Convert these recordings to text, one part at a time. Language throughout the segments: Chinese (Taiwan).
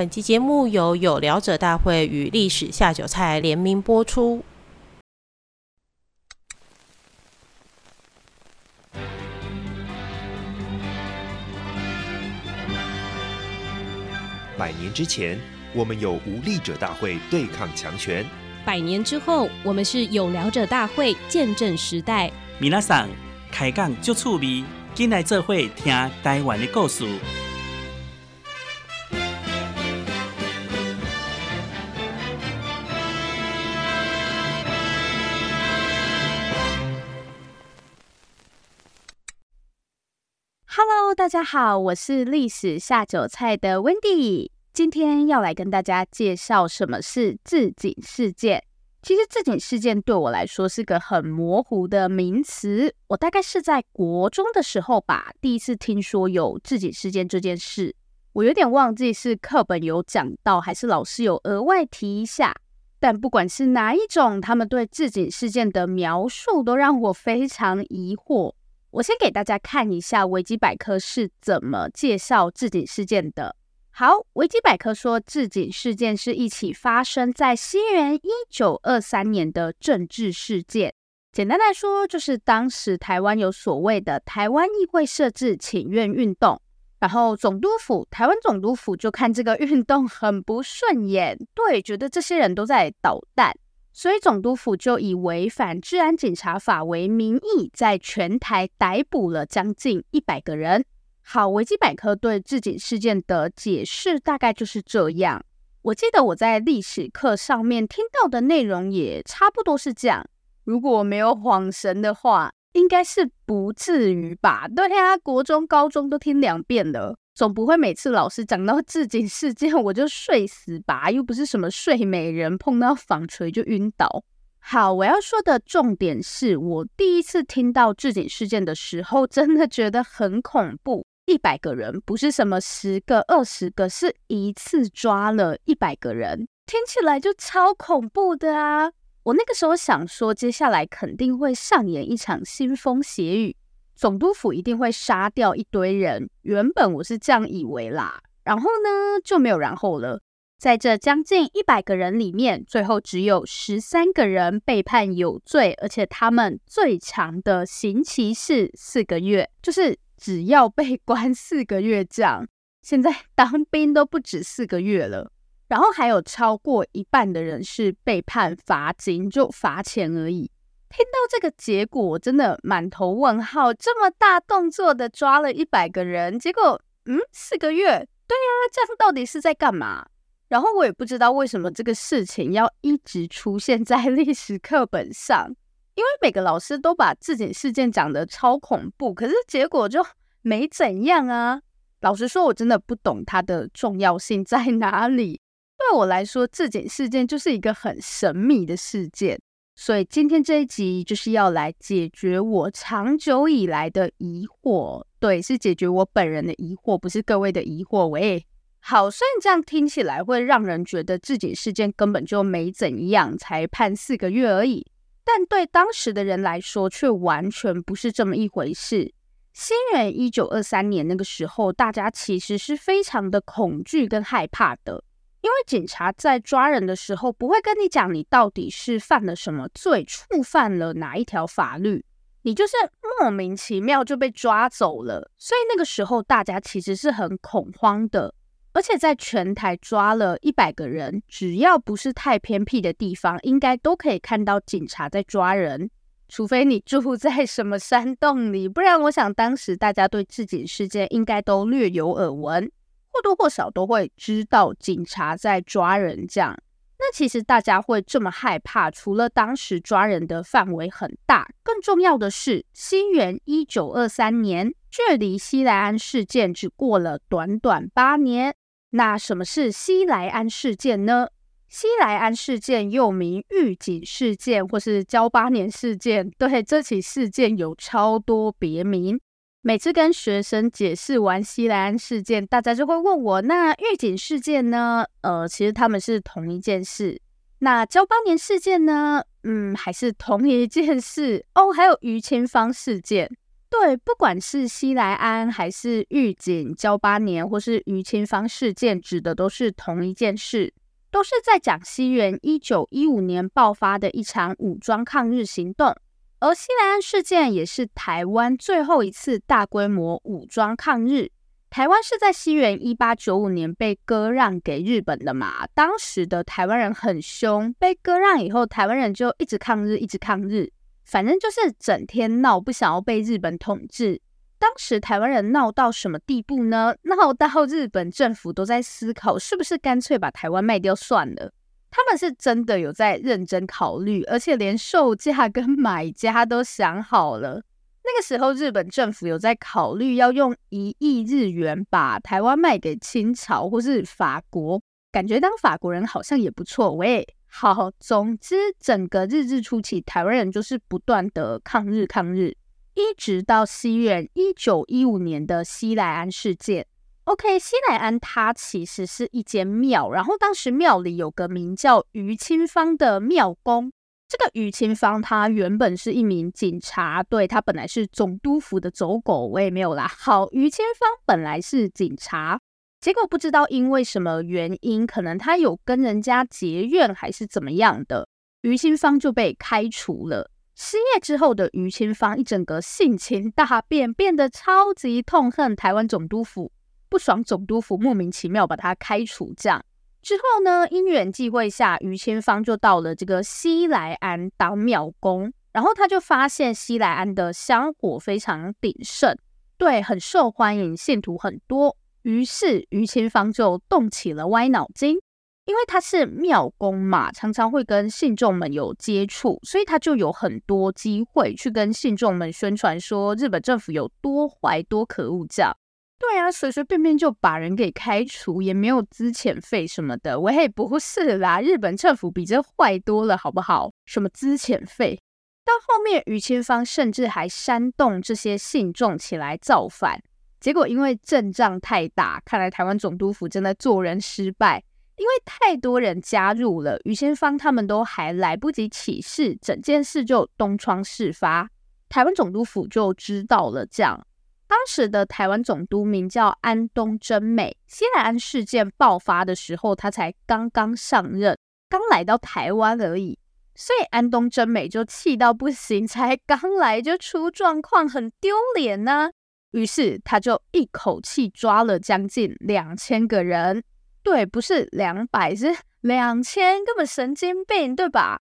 本期節目由有聊者大會與歷史下酒菜聯名播出。百年之前，我們有無力者大會對抗強權；百年之後，我們是有聊者大會見證時代。皆さん，米拉桑，開講足趣味，進來這會聽台灣的故事。大家好，我是歷史下酒菜的 Wendy。今天要來跟大家介紹什麼是治警事件。其實治警事件對我來說是個很模糊的名詞，我大概是在國中的時候吧，第一次聽說有治警事件這件事，我有點忘記是課本有講到，還是老師有額外提一下。但不管是哪一種，他們對治警事件的描述都讓我非常疑惑。我先給大家看一下維基百科是怎麼介紹治警事件的。好，維基百科說治警事件是一起發生在西元一九二三年的政治事件。簡單來說，就是當時台灣有所謂的台灣議會設置請願運動，然後總督府、台灣總督府就看這個運動很不順眼，對，覺得這些人都在搗蛋。所以總督府就以違反治安警察法為名義，在全台逮捕了將近一百個人。好，維基百科對治警事件的解釋大概就是這樣。我記得我在歷史課上面聽到的內容也差不多是這樣。如果我沒有恍神的話，應該是不至於吧？對啊，國中、高中都聽兩遍了。總不會每次老師講到治警事件我就睡死吧？又不是什麼睡美人碰到紡錘就暈倒。好，我要說的重點是，我第一次聽到治警事件的時候，真的覺得很恐怖。一百個人不是什麼十個、二十個，是一次抓了一百個人，聽起來就超恐怖的啊！我那個時候想說，接下來肯定會上演一場腥風血雨。總督府一定會殺掉一堆人，原本我是這樣以為啦，然後呢，就沒有然後了。在這將近一百個人裡面，最後只有十三個人被判有罪，而且他們最長的刑期是四個月，就是只要被關四個月這樣。現在當兵都不止四個月了，然後還有超過一半的人是被判罰金，就罰錢而已。聽到這個結果，我真的滿頭問號。這麼大動作的抓了一百個人，結果嗯，四個月，對啊，這樣到底是在幹嘛？然後我也不知道為什麼這個事情要一直出現在歷史課本上，因為每個老師都把治警事件講得超恐怖，可是結果就沒怎樣啊。老實說，我真的不懂它的重要性在哪裡。對我來說，治警事件就是一個很神秘的事件。所以今天這一集就是要來解決我長久以來的疑惑，對，是解決我本人的疑惑，不是各位的疑惑，喂。好像這樣聽起來會讓人覺得治警事件根本就沒怎樣，才判四個月而已。但對當時的人來說，卻完全不是這麼一回事。新人一九二三年那個時候，大家其實是非常的恐懼跟害怕的。因為警察在抓人的時候，不會跟你講你到底是犯了什麼罪，觸犯了哪一條法律，你就是莫名其妙就被抓走了。所以那個時候大家其實是很恐慌的，而且在全台抓了一百個人，只要不是太偏僻的地方，應該都可以看到警察在抓人，除非你住在什麼山洞裡，不然我想當時大家對治警事件應該都略有耳聞。或多、多或少都會知道警察在抓人。這樣，那其實大家會這麼害怕，除了當時抓人的範圍很大，更重要的是，西元一九二三年，距離西來庵事件只過了短短八年。那什麼是西來庵事件呢？西來庵事件又名玉井事件，或是噍吧哖事件，對這起事件有超多別名。每次跟學生解釋完西來庵事件，大家就會問我：那玉井事件呢？呃，其實他們是同一件事。那噍吧哖事件呢？嗯，還是同一件事哦。還有余清芳事件，對，不管是西來庵還是玉井、噍吧哖或是余清芳事件，指的都是同一件事，都是在講西元一九一五年爆發的一場武裝抗日行動。而西來庵事件也是台灣最後一次大規模武裝抗日。台灣是在西元一八九五年被割讓給日本的嘛？當時的台灣人很凶，被割讓以後，台灣人就一直抗日，一直抗日，反正就是整天鬧，不想要被日本統治。當時台灣人鬧到什麼地步呢？鬧到日本政府都在思考，是不是乾脆把台灣賣掉算了。他們是真的有在認真考慮，而且連售價跟買家都想好了。那個時候，日本政府有在考慮要用一億日元把台灣賣給清朝或是法國，感覺當法國人好像也不錯。喂，好，總之整個日治初期，台灣人就是不斷的抗日抗日，一直到西元一九一五年的西來庵事件。OK，西來庵，它其實是一間廟，然後當時廟裡有個名叫余清芳的廟公。這個余清芳他原本是一名警察，對他本來是總督府的走狗，我也沒有啦。好，余清芳本來是警察，結果不知道因為什麼原因，可能他有跟人家結怨還是怎麼樣的，余清芳就被開除了。失業之後的余清芳一整個性情大變，變得超級痛恨台灣總督府。不爽總督府莫名其妙把他開除，這樣。之後呢，因緣際會下，余清芳就到了這個西來庵當廟公，然後他就發現西來庵的香火非常鼎盛，對，很受歡迎，信徒很多。於是余清芳就動起了歪腦筋，因為他是廟公嘛，常常會跟信眾們有接觸，所以他就有很多機會去跟信眾們宣傳說日本政府有多壞、多可惡，這樣。對呀、啊，隨隨便便就把人給開除，也沒有資遣費什麼的。我也不是啦，日本政府比這壞多了，好不好？什麼資遣費？到後面余清芳甚至還煽動這些信眾起來造反，結果因為陣仗太大，看來台灣總督府真的做人失敗，因為太多人加入了，余清芳他們都還來不及起事，整件事就東窗事發，台灣總督府就知道了這樣。當時的台灣總督名叫安東貞美，西來庵事件爆發的時候，他才剛剛上任，剛來到台灣而已，所以安東貞美就氣到不行，才剛來就出狀況，很丟臉吶、啊。於是他就一口氣抓了將近兩千個人，對，不是兩百，是兩千，根本神經病，對吧？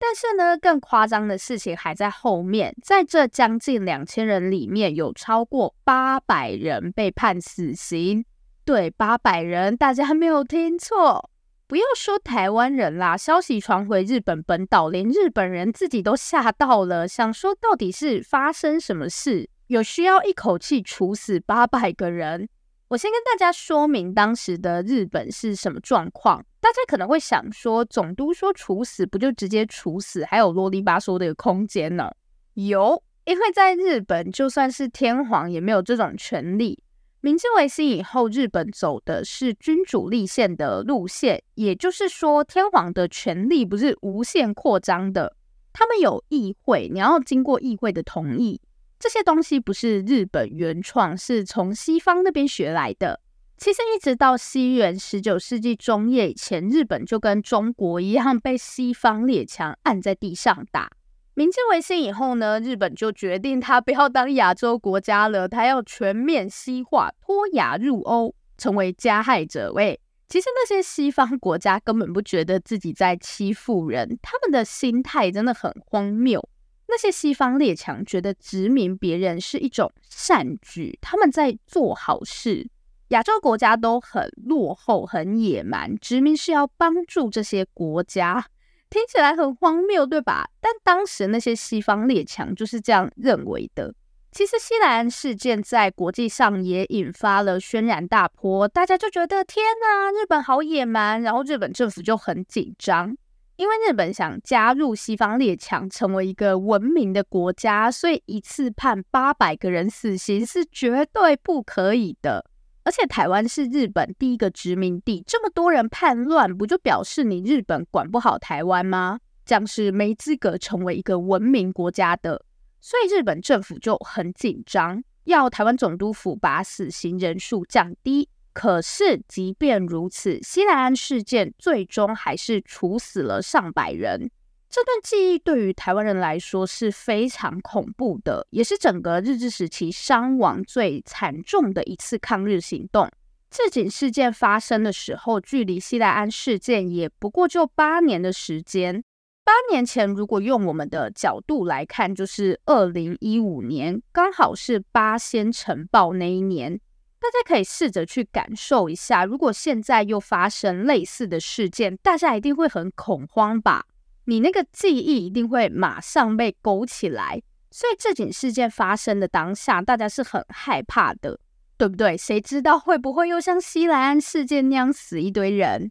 但是呢，更誇張的事情還在後面。在這將近兩千人裡面，有超過八百人被判死刑。對，八百人，大家沒有聽錯。不要說台灣人啦，消息傳回日本本島，連日本人自己都嚇到了，想說到底是發生什麼事，有需要一口氣處死八百個人？我先跟大家說明當時的日本是什麼狀況。大家可能會想說，總督說處死不就直接處死，還有囉里吧嗦的一個空間呢？有，因為在日本就算是天皇也沒有這種權利。明治維新以後，日本走的是君主立憲的路線，也就是說天皇的權力不是無限擴張的。他們有議會，你要經過議會的同意，這些東西不是日本原創，是從西方那邊學來的。其實，一直到西元十九世紀中葉以前，日本就跟中國一樣被西方列強按在地上打。明治維新以後呢，日本就決定他不要當亞洲國家了，他要全面西化，脫亞入歐，成為加害者。喂，其實那些西方國家根本不覺得自己在欺負人，他們的心態真的很荒謬。那些西方列強覺得殖民別人是一種善舉，他們在做好事。亞洲國家都很落後、很野蠻，殖民是要幫助這些國家，聽起來很荒謬，對吧？但當時那些西方列強就是這樣認為的。其實西來庵事件在國際上也引發了軒然大波，大家就覺得天哪，日本好野蠻，然後日本政府就很緊張，因為日本想加入西方列強，成為一個文明的國家，所以一次判八百個人死刑是絕對不可以的。而且台灣是日本第一個殖民地，這麼多人叛亂，不就表示你日本管不好台灣嗎？這樣是沒資格成為一個文明國家的。所以日本政府就很緊張，要台灣總督府把死刑人數降低。可是即便如此，西來庵事件最終還是處死了上百人。這段記憶對於台灣人來說是非常恐怖的，也是整個日治時期傷亡最慘重的一次抗日行動。治警事件發生的時候，距離西來庵事件也不過就八年的時間。八年前，如果用我們的角度來看，就是二零一五年，剛好是八仙塵爆那一年。大家可以試着去感受一下，如果現在又發生類似的事件，大家一定會很恐慌吧。你那個記憶一定會馬上被勾起來，所以這起事件發生的當下，大家是很害怕的，對不對？誰知道會不會又像西來庵事件那樣死一堆人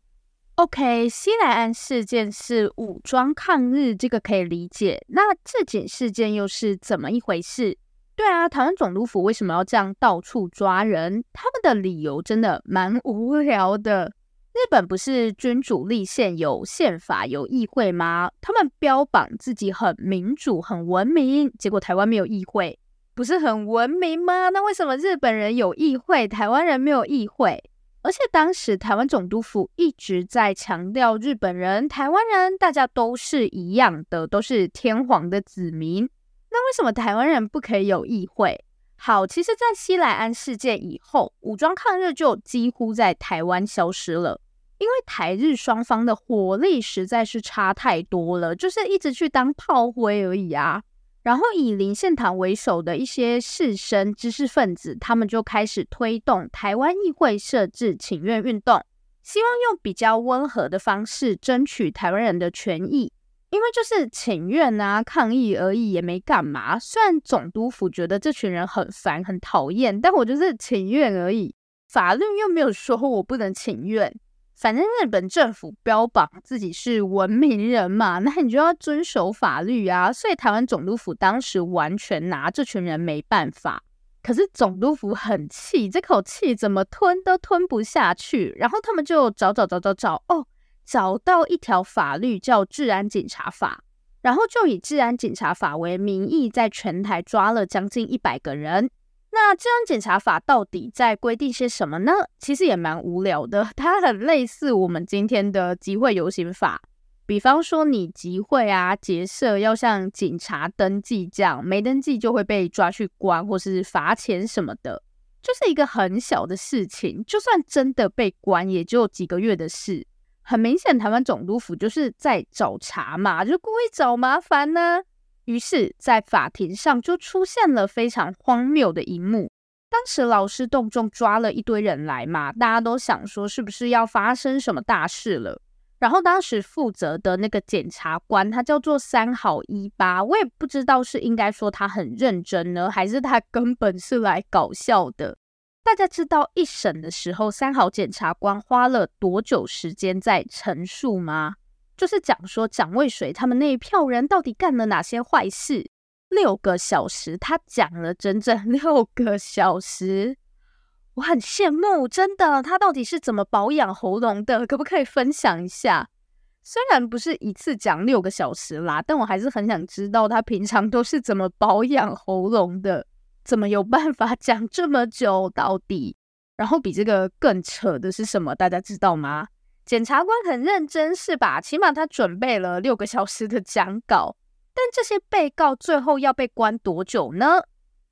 ？OK，西來庵事件是武裝抗日，這個可以理解。那這起事件又是怎麼一回事？對啊，台灣總督府為什麼要這樣到處抓人？他們的理由真的蠻無聊的。日本不是君主立憲，有憲法，有議會嗎？他們標榜自己很民主、很文明，結果台灣沒有議會，不是很文明嗎？那為什麼日本人有議會，台灣人沒有議會？而且當時台灣總督府一直在強調日本人、台灣人大家都是一樣的，都是天皇的子民。那為什麼台灣人不可以有議會？好，其實，在西來庵事件以後，武裝抗日就幾乎在台灣消失了。因為台日雙方的火力實在是差太多了，就是一直去當炮灰而已啊。然後以林獻堂為首的一些士紳、知識分子，他們就開始推動台灣議會設置請願運動，希望用比較溫和的方式爭取台灣人的權益。因為就是請願啊，抗議而已，也沒幹嘛。雖然總督府覺得這群人很煩、很討厭，但我就是請願而已，法律又沒有說我不能請願。反正日本政府標榜自己是文明人嘛，那你就要遵守法律啊。所以台灣總督府當時完全拿這群人沒辦法。可是總督府很氣，這口氣怎麼吞都吞不下去。然後他們就找找找找找，哦，找到一條法律叫《治安警察法》，然後就以《治安警察法》為名義，在全台抓了將近一百個人。那治安警察法到底在規定些什麼呢？其實也蠻無聊的，它很類似我們今天的集會遊行法。比方說你集會啊、結社，要向警察登記，這樣沒登記就會被抓去關，或是罰錢什麼的，就是一個很小的事情。就算真的被關，也就幾個月的事。很明顯，台灣總督府就是在找茬嘛，就故意找麻煩呢、啊。於是，在法庭上就出現了非常荒謬的一幕。當時勞師動眾抓了一堆人來嘛，大家都想說是不是要發生什麼大事了。然後當時負責的那個檢察官，他叫做三好一八，我也不知道是應該說他很認真呢，還是他根本是來搞笑的。大家知道一審的時候，三好檢察官花了多久時間在陳述嗎？就是講說蔣渭水他們那一票人到底幹了哪些壞事？六個小時，他講了整整六個小時，我很羨慕，真的。他到底是怎麼保養喉嚨的？可不可以分享一下？雖然不是一次講六個小時啦，但我還是很想知道他平常都是怎麼保養喉嚨的，怎麼有辦法講這麼久到底？然後比這個更扯的是什麼？大家知道嗎？檢察官很認真，是吧？起碼他準備了六個小時的講稿。但這些被告最後要被關多久呢？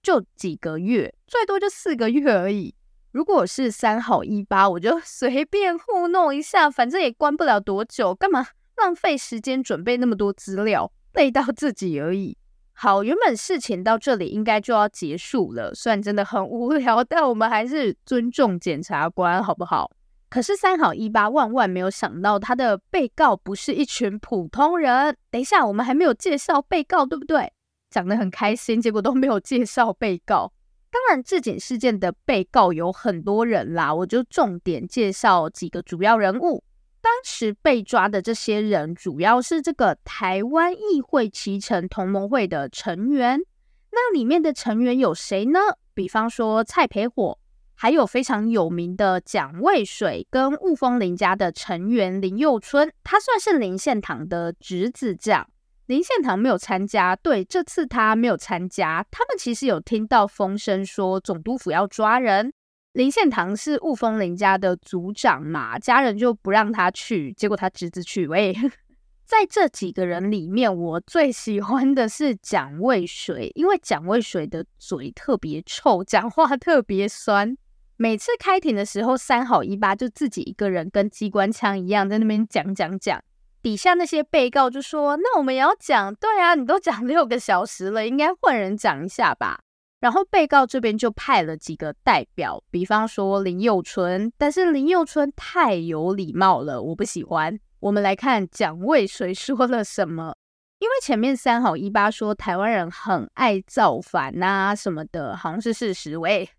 就幾個月，最多就四個月而已。如果是三好一八，我就隨便糊弄一下，反正也關不了多久，幹嘛浪費時間準備那麼多資料，累到自己而已。好，原本事情到這裡應該就要結束了。雖然真的很無聊，但我們還是尊重檢察官，好不好？可是三好一八萬萬沒有想到，他的被告不是一群普通人。等一下，我們還沒有介紹被告，對不對？講的很開心，結果都沒有介紹被告。當然，治警事件的被告有很多人啦，我就重點介紹幾個主要人物。當時被抓的這些人，主要是這個台灣議會期成同盟會的成員。那裡面的成員有誰呢？比方說蔡培火。還有非常有名的蔣渭水跟霧峰林家的成員林幼春，他算是林獻堂的侄子。這樣，林獻堂沒有參加，對，這次他沒有參加。他們其實有聽到風聲說總督府要抓人，林獻堂是霧峰林家的族長嘛，家人就不讓他去，結果他侄子去。喂， 在這幾個人裡面，我最喜歡的是蔣渭水，因為蔣渭水的嘴特別臭，講話特別酸。每次開庭的時候，三好一八就自己一個人跟機關槍一樣在那邊講講講，底下那些被告就說：“那我們也要講，對啊，你都講六個小時了，應該換人講一下吧。”然後被告這邊就派了幾個代表，比方說林幼春，但是林幼春太有禮貌了，我不喜歡。我們來看蔣渭水說了什麼，因為前面三好一八說台灣人很愛造反啊什麼的，好像是事實，喂。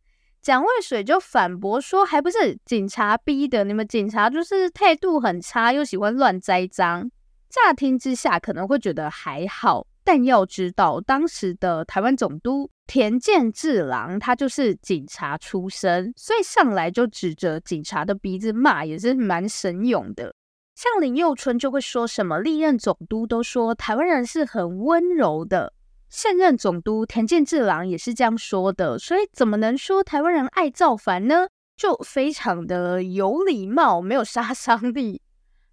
蔣渭水就反駁說，還不是警察逼的？你們警察就是態度很差，又喜歡亂栽贓。乍聽之下可能會覺得還好，但要知道當時的台灣總督田健治郎，他就是警察出身，所以上來就指着警察的鼻子罵，也是蠻神勇的。像林幼春就會說什麼歷任總督都說台灣人是很溫柔的。現任總督田健治郎也是這樣說的，所以怎麼能說臺灣人愛造反呢？就非常的有禮貌，沒有殺傷力。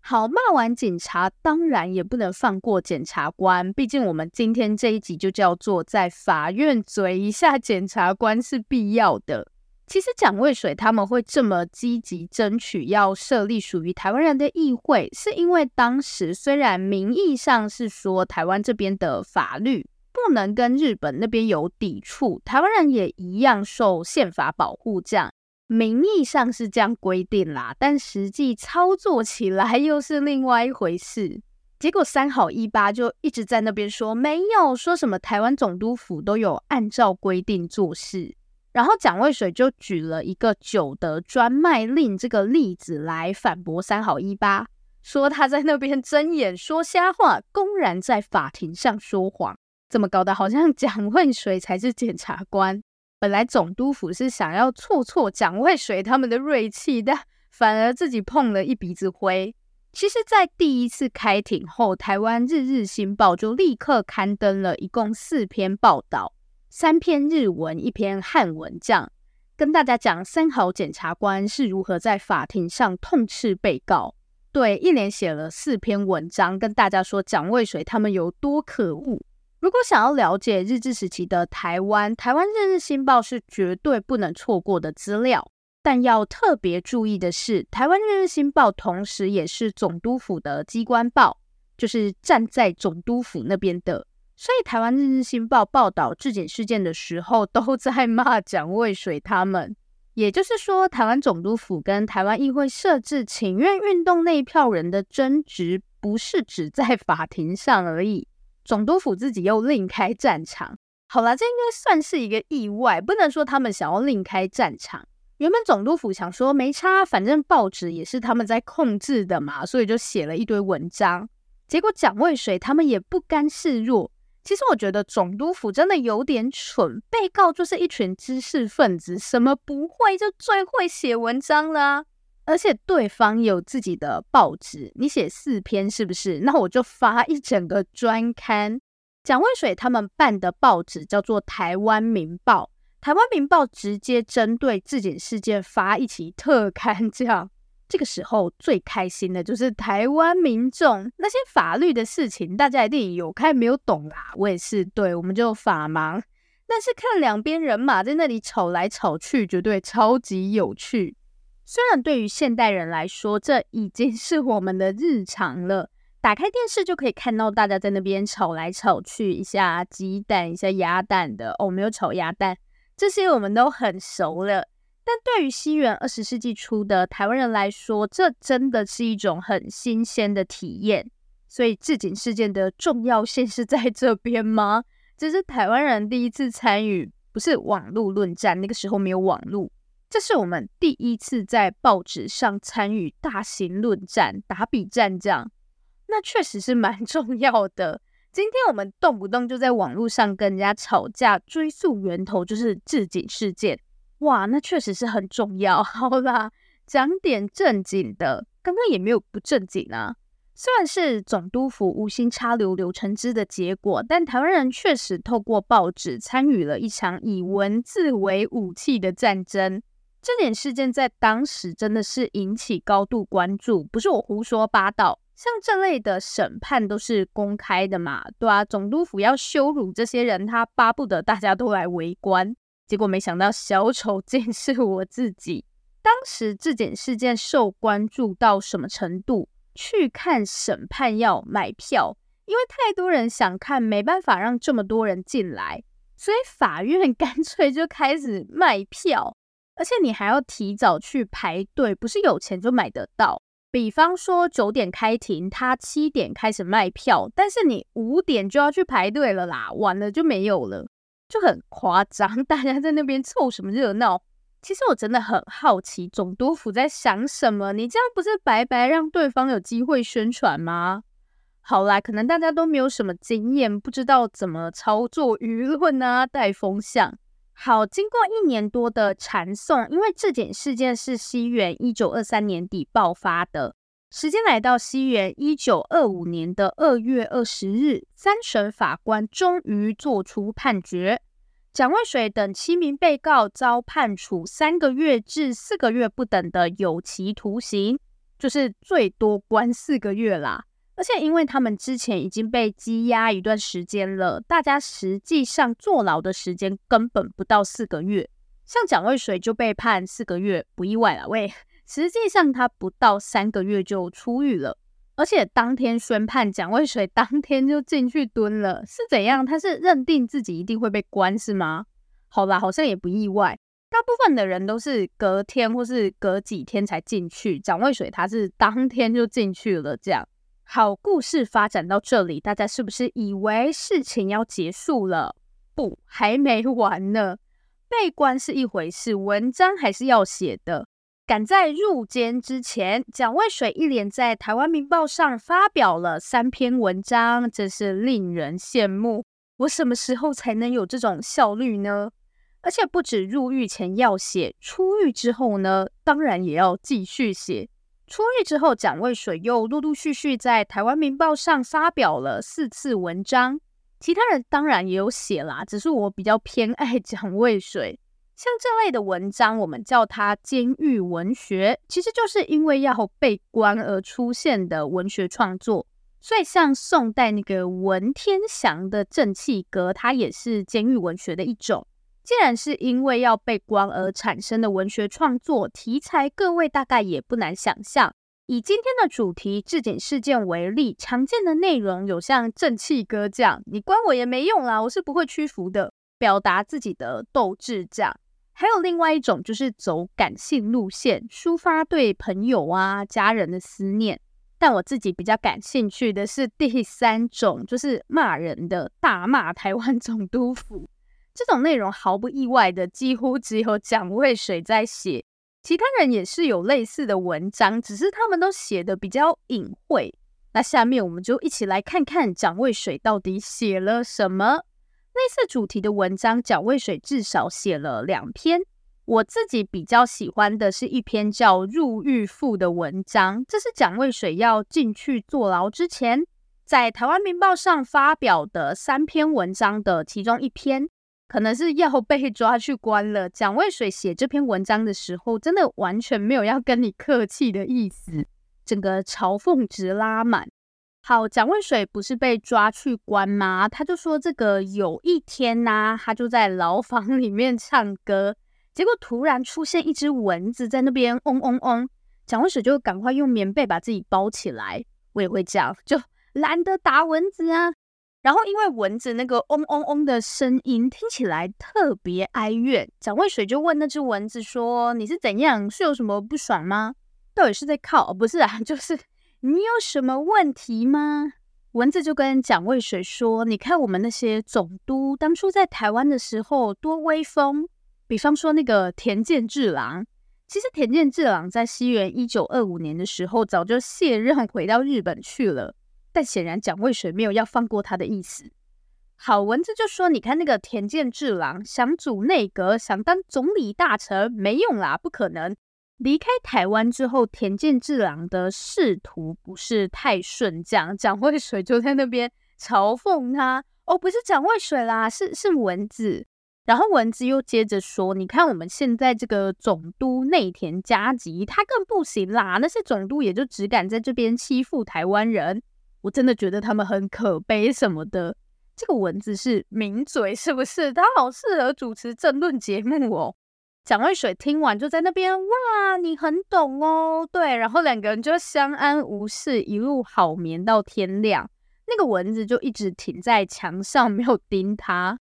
好，罵完警察，當然也不能放過檢察官，畢竟我們今天這一集就叫做在法院嘴一下，檢察官是必要的。其實蔣渭水他們會這麼積極爭取要設立屬於臺灣人的議會，是因為當時雖然名義上是說臺灣這邊的法律。不能跟日本那邊有抵觸，台灣人也一樣受憲法保護。這樣名義上是這樣規定啦，但實際操作起來又是另外一回事。結果三好一八就一直在那邊說沒有，說什麼台灣總督府都有按照規定做事。然後蔣渭水就舉了一個酒的專賣令這個例子來反駁三好一八，說他在那邊睜眼說瞎話，公然在法庭上說謊。怎麼搞的？好像蔣渭水才是檢察官。本來總督府是想要挫挫蔣渭水他們的銳氣，但反而自己碰了一鼻子灰。其實，在第一次開庭後，台灣日日新報就立刻刊登了一共四篇報道，三篇日文，一篇漢文，這樣跟大家講三好檢察官是如何在法庭上痛斥被告。對，一連寫了四篇文章，跟大家說蔣渭水他們有多可惡。如果想要了解日治時期的台灣，《台灣日日新報》是絕對不能錯過的資料。但要特別注意的是，《台灣日日新報》同時也是總督府的機關報，就是站在總督府那邊的。所以，《台灣日日新報》報道治警事件的時候，都在罵蔣渭水他們。也就是說，台灣總督府跟台灣議會設置請願運動那一票人的爭執，不是只在法庭上而已。總督府自己又另開戰場，好啦，這應該算是一個意外，不能說他們想要另開戰場。原本總督府想說沒差，反正報紙也是他們在控制的嘛，所以就寫了一堆文章。結果蔣渭水他們也不甘示弱。其實我覺得總督府真的有點蠢，被告就是一群知識分子，什麼不會就最會寫文章啦。而且對方有自己的報紙，你寫四篇是不是？那我就發一整個專刊。蔣渭水他們辦的報紙叫做《台灣民報》，《台灣民報》直接針對治警事件發一期特刊。這樣，這個時候最開心的就是台灣民眾。那些法律的事情，大家一定有看沒有懂啦、啊？我也是，對，我們就法盲。但是看兩邊人馬在那裡吵來吵去，絕對超級有趣。雖然對於現代人來說，這已經是我們的日常了，打開電視就可以看到大家在那邊吵來吵去，一下雞蛋，一下鴨蛋的。哦，沒有炒鴨蛋，這些我們都很熟了。但對於西元二十世紀初的台灣人來說，這真的是一種很新鮮的體驗。所以，治警事件的重要性是在這邊嗎？這是台灣人第一次參與，不是網絡論戰，那個時候沒有網絡。這是我們第一次在報紙上參與大型論戰、打筆戰這樣，那確實是蠻重要的。今天我們動不動就在網絡上跟人家吵架，追溯源頭就是治警事件，哇，那確實是很重要，好啦，講點正經的，剛剛也沒有不正經啊。雖然是總督府無心插柳、柳成枝的結果，但台灣人確實透過報紙參與了一場以文字為武器的戰爭。這件事件在當時真的是引起高度關注，不是我胡說八道。像這類的審判都是公開的嘛？對啊，總督府要羞辱這些人，他巴不得大家都來圍觀。結果沒想到小丑竟是我自己。當時這件事件受關注到什麼程度？去看審判要買票，因為太多人想看，沒辦法讓這麼多人進來，所以法院乾脆就開始賣票。而且你還要提早去排隊，不是有錢就買得到。比方說九點開庭，他七點開始賣票，但是你五點就要去排隊了啦，完了就沒有了，就很誇張。大家在那邊湊什麼熱鬧？其實我真的很好奇，總督府在想什麼？你這樣不是白白讓對方有機會宣傳嗎？好啦，可能大家都沒有什麼經驗，不知道怎麼操作輿論啊，帶風向。好，經過一年多的纏訟，因為這件事件是西元一九二三年底爆發的。時間來到西元一九二五年的二月二十日，三審法官終於作出判決，蔣渭水等七名被告遭判處三個月至四個月不等的有期徒刑，就是最多關四個月啦。而且因為他們之前已經被羈押一段時間了，大家實際上坐牢的時間根本不到四個月。像蔣渭水就被判四個月，不意外了。喂，實際上他不到三個月就出獄了，而且當天宣判，蔣渭水當天就進去蹲了。是怎樣？他是認定自己一定會被關是嗎？好啦，好像也不意外。大部分的人都是隔天或是隔幾天才進去。蔣渭水他是當天就進去了，這樣。好，故事發展到這裡，大家是不是以為事情要結束了？不，還沒完呢。被關是一回事，文章還是要寫的。趕在入監之前，蔣渭水一連在《台灣民報》上發表了三篇文章，真是令人羨慕。我什麼時候才能有這種效率呢？而且不止入獄前要寫，出獄之後呢，當然也要繼續寫。出獄之後，蔣渭水又陸陸續續在《台灣民報》上發表了四次文章。其他人當然也有寫啦，只是我比較偏愛蔣渭水。像這類的文章，我們叫它“監獄文學”，其實就是因為要被關而出現的文學創作。所以，像宋代那個文天祥的《正氣歌》，它也是監獄文學的一種。既然是因為要被關而產生的文學創作題材，各位大概也不難想象。以今天的主題“治警事件”為例，常見的內容有像《正氣歌》這樣，你關我也沒用啦，我是不會屈服的，表達自己的鬥志；這樣，還有另外一種就是走感性路線，抒發對朋友啊、家人的思念。但我自己比較感興趣的是第三種，就是罵人的，大罵台灣總督府。這種內容毫不意外的，幾乎只有蔣渭水在寫，其他人也是有類似的文章，只是他們都寫得比較隱晦。那下面我們就一起來看看蔣渭水到底寫了什麼類似主題的文章。蔣渭水至少寫了兩篇，我自己比較喜歡的是一篇叫《入獄賦》的文章，這是蔣渭水要進去坐牢之前，在台灣民報上發表的三篇文章的其中一篇。可能是要被抓去關了。蔣渭水寫這篇文章的時候，真的完全沒有要跟你客氣的意思，整個嘲諷值拉滿。好，蔣渭水不是被抓去關嗎？他就說這個有一天吶、啊，他就在牢房裡面唱歌，結果突然出現一隻蚊子在那邊嗡嗡嗡，蔣渭水就趕快用棉被把自己包起來，我也會這樣，就懶得打蚊子啊。然後，因為蚊子那個嗡嗡嗡的聲音聽起來特別哀怨，蔣渭水就問那只蚊子說：“你是怎樣？是有什麼不爽嗎？到底是在靠……哦，不是啊，就是你有什麼問題嗎？”蚊子就跟蔣渭水說：“你看我們那些總督當初在台灣的時候多威風，比方說那個田健治郎，其實田健治郎在西元一九二五年的時候早就卸任回到日本去了。”但顯然蔣渭水沒有要放過他的意思。好，蚊子就說：“你看那個田健治郎想組內閣、想當總理大臣，沒用啦，不可能。離開台灣之後，田健治郎的仕途不是太順。這蔣渭水就在那邊嘲諷他。哦，不是蔣渭水啦，是是蚊子。然後蚊子又接着說：你看我們現在這個總督內田嘉吉，他更不行啦。那些總督也就只敢在這邊欺負台灣人。”我真的覺得他們很可悲什麼的。這個蚊子是名嘴是不是？他好適合主持政論節目哦。蔣渭水聽完就在那邊哇，你很懂哦，對。然後兩個人就相安無事，一路好眠到天亮。那個蚊子就一直停在牆上，沒有叮它。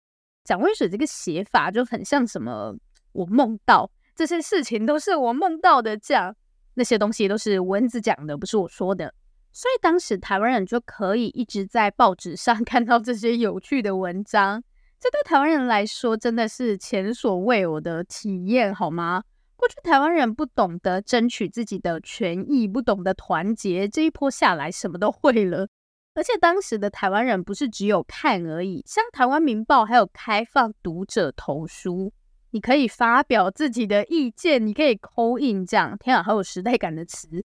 蔣渭水這個寫法就很像什麼，我夢到這些事情都是我夢到的講，這樣那些東西都是蚊子講的，不是我說的。所以當時台灣人就可以一直在報紙上看到這些有趣的文章，這對台灣人來說真的是前所未有的體驗，好嗎？過去台灣人不懂得爭取自己的權益，不懂得團結，這一波下來什麼都會了。而且當時的台灣人不是只有看而已，像《台灣民報》還有開放讀者投書，你可以發表自己的意見，你可以 call in，這樣，天啊，好有時代感的詞。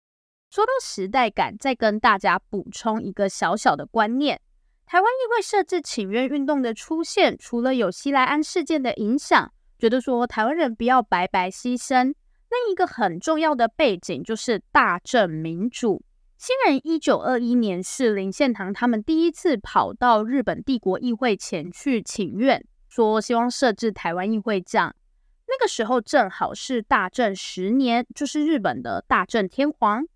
說到時代感，再跟大家補充一個小小的觀念：臺灣議會設置請願運動的出現，除了有西來庵事件的影響，覺得說臺灣人不要白白犧牲，另一個很重要的背景就是大正民主。雖然一九二一年是林獻堂他們第一次跑到日本帝國議會前去請願，說希望設置臺灣議會這樣，那個時候正好是大正十年，就是日本的大正天皇。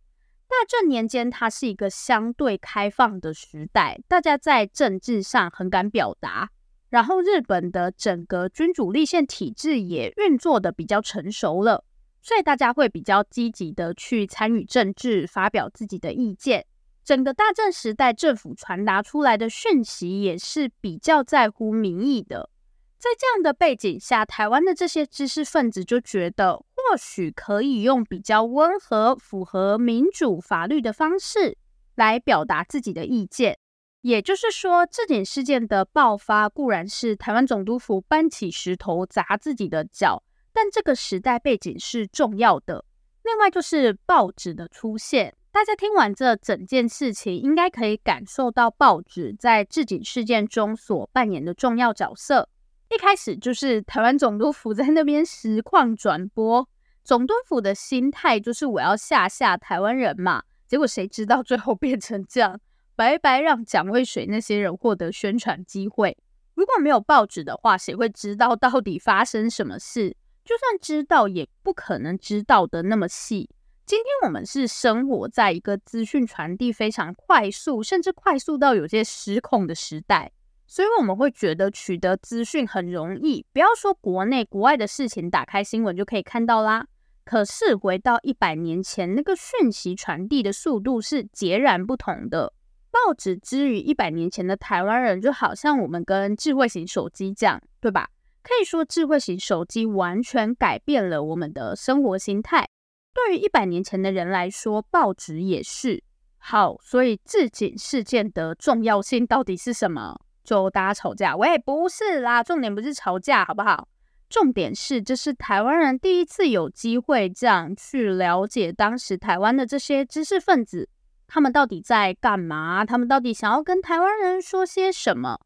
大正年間，它是一個相對開放的時代，大家在政治上很敢表達，然後日本的整個君主立憲體制也運作的比較成熟了，所以大家會比較積極的去參與政治，發表自己的意見。整個大正時代，政府傳達出來的訊息也是比較在乎民意的。在這樣的背景下，台灣的這些知識分子就覺得。或許可以用比較溫和、符合民主法律的方式來表達自己的意見。也就是說，治警事件的爆發固然是台灣總督府搬起石頭砸自己的腳，但這個時代背景是重要的。另外，就是報紙的出現，大家聽完這整件事情，應該可以感受到報紙在治警事件中所扮演的重要角色。一開始就是台灣總督府在那邊實況轉播，總督府的心態就是我要嚇嚇台灣人嘛。結果誰知道最後變成這樣，白白讓蔣渭水那些人獲得宣傳機會。如果沒有報紙的話，誰會知道到底發生什麼事？就算知道，也不可能知道得那麼細。今天我們是生活在一個資訊傳遞非常快速，甚至快速到有些失控的時代。所以我們會覺得取得資訊很容易，不要說國內國外的事情，打開新聞就可以看到啦。可是回到一百年前，那個訊息傳遞的速度是截然不同的。報紙之於一百年前的台灣人，就好像我們跟智慧型手機講，對吧？可以說智慧型手機完全改變了我們的生活心態。對於一百年前的人來說，報紙也是。好，所以，治警事件的重要性到底是什麼？就大家吵架，餵，不是啦，重點不是吵架，好不好？重點是，這是台灣人第一次有機會這樣去了解當時台灣的這些知識分子，他們到底在幹嘛？他們到底想要跟台灣人說些什麼？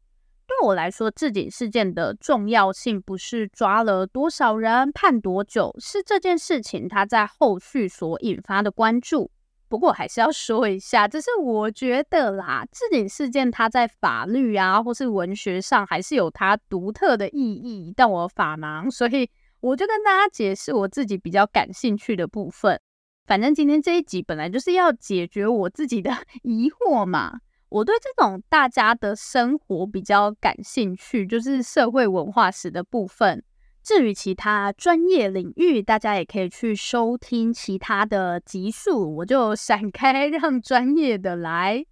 對我來說，治警事件的重要性不是抓了多少人判多久，是這件事情它在後續所引發的關注。不過還是要說一下，只是我覺得啦，治警事件它在法律啊，或是文學上，還是有它獨特的意義。但我法盲，所以我就跟大家解釋我自己比較感興趣的部分。反正今天這一集本來就是要解決我自己的疑惑嘛，我對這種大家的生活比較感興趣，就是社會文化史的部分。至於其他專業領域，大家也可以去收聽其他的集數，我就閃開，讓專業的來。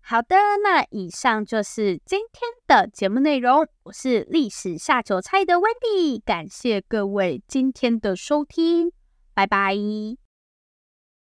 好的，那以上就是今天的節目內容。我是歷史下酒菜的 Wendy，感謝各位今天的收聽，拜拜。